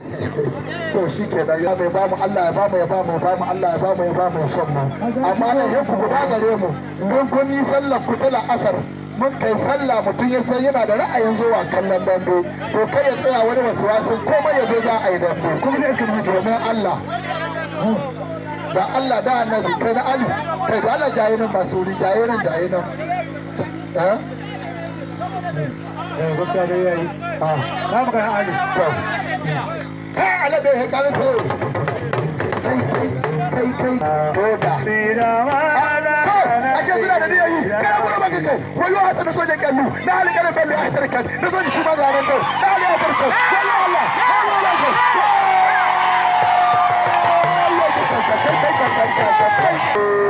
to shi ke nan ya bai bamu Allah ya bamu ya bamu ya bamu Allah ya bamu ya bamu ya son mu amma nan ya ku guda gare mu don kun yi sallar ku tala asar mun kai sallah mutum ya san yana da ra'ayin zuwa kallon dambe to kai ya tsaya wani wasuwasin wasu komai ya zo za a yi dambe kuma zai kan mutu domin Allah da Allah da annabi kai da Ali kai da Allah nan masu wuri jayinan jayinan eh? eh gaskiya dai yayi ah na magana Ali to ala bai he kan ko kai kai kai kai da sirawala ashe suna da niyayi kana gura maka kai wai yau hasa da sojan kallu na hali karin balle a hatar kan na sojan shi ma zaren ko na hali a hatar kan wai Allah Allah Allah Allah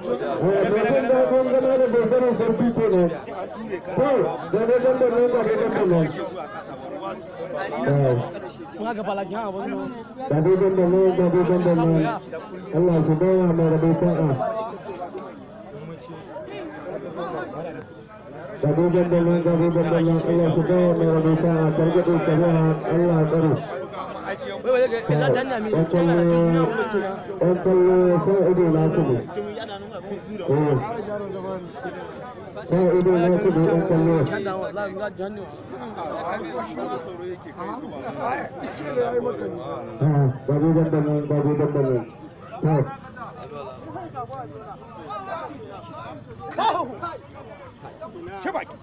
કર્યું છું Muna gaba lagi Allah sai ido ne ku da yan kallo ba zai dabba ne ba zai dabba ne to Chebaki.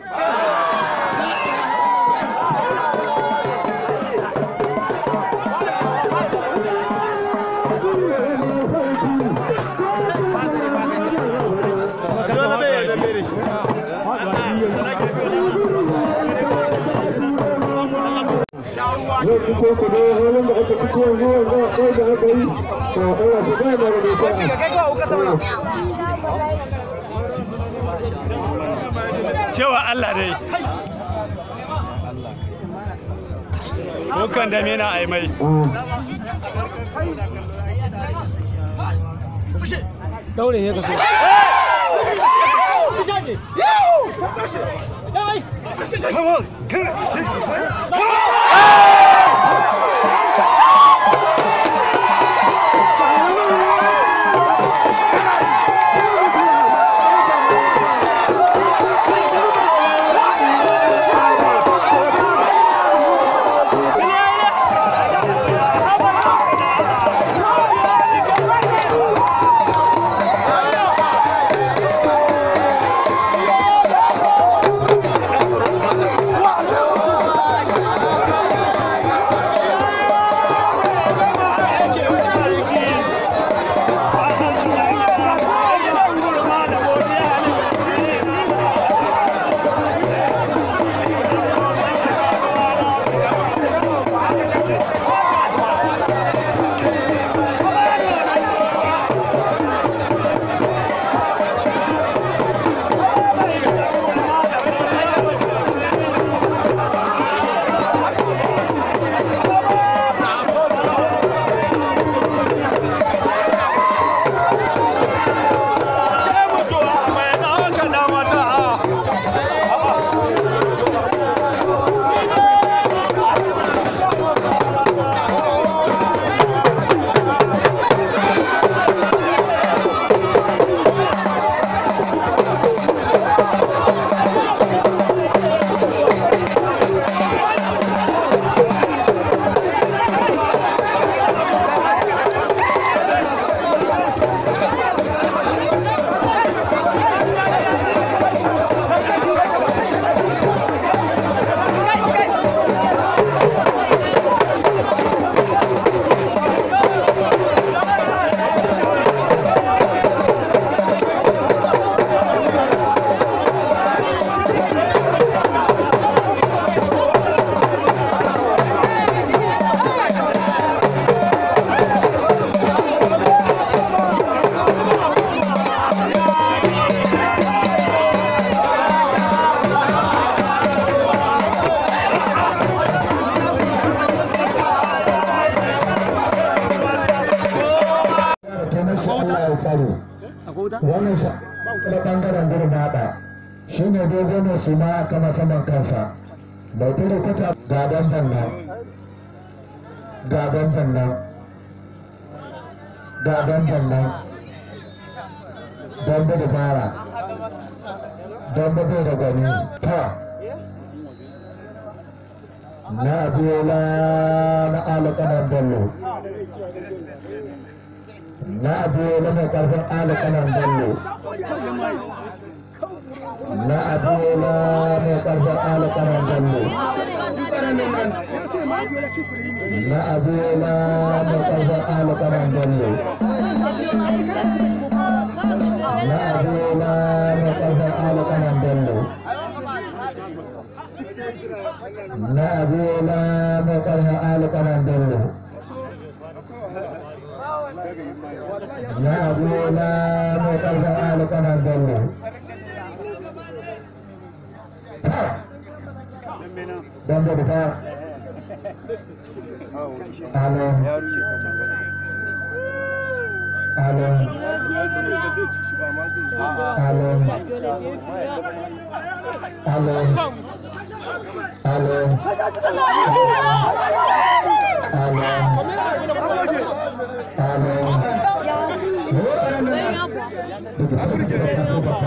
zai fito ku dai halin da aka fito yanzu yanzu a tsaye da aka yi to Allah ku gane da mai da mena a mai. Come on! Come on! Come on! Tonight. na bangaren gurin haɗa shi ne dogo mai su ma kama saman kansa bai tare kwata ga bamban nan ga bamban nan ga bamban nan don bi dubara don bi bai da gwani ta na biyola na alƙanan bello na a na mai karfin alƙalan bello na a na mai karfin alƙalan bello na abu na mai karfin alƙalan bello na abu na mai karfin alƙalan bello na abu na mai karfin na abu na mai ƙarfin alƙanar bello don da fita alon alon alon alon alon alon babban lura ba riko ba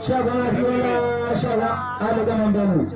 Shaba biyu na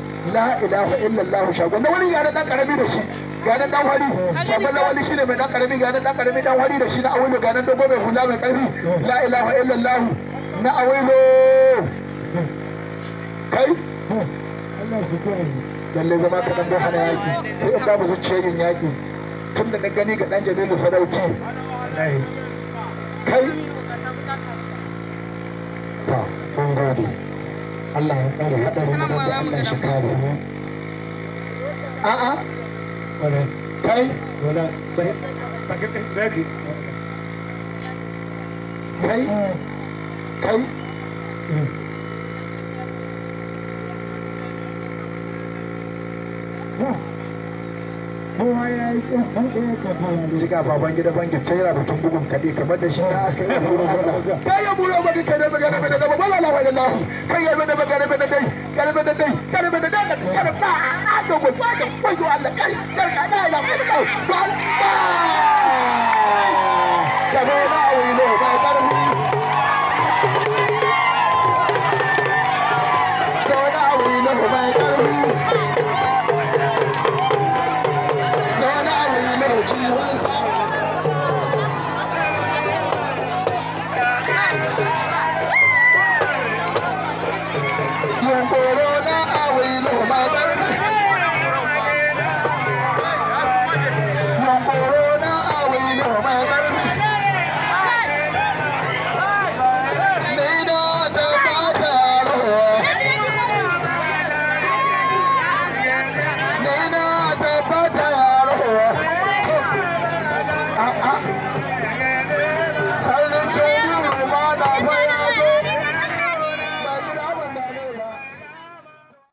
la ilaha illallah shagon wani ya dan karami da shi ga dan dan hari shagon wani shine mai dan karami ga dan dan karami dan hari da shi na awilo ga dan dogo mai hula mai karfi la ilaha illallah na awilo kai lalle zama ka dan hana yaki sai in babu zuciyar yin yaki tun da na gani ga dan jamilu sadauki kai ta mun gode Allah ya tsare hadarin da Allah shi kare mu a'a wala kai wala bai kai kai Yeah. jiga baban gida bangi tsaira batun bugun kaɗe kamar da shi na aka yi buru bala kai ya buru ba kai da magana ba da da bala la da la kai ya da magana ba da dai kare ba da dai kare ba da dai kare ba a da ko ta da ko Allah kai kar ka da la ko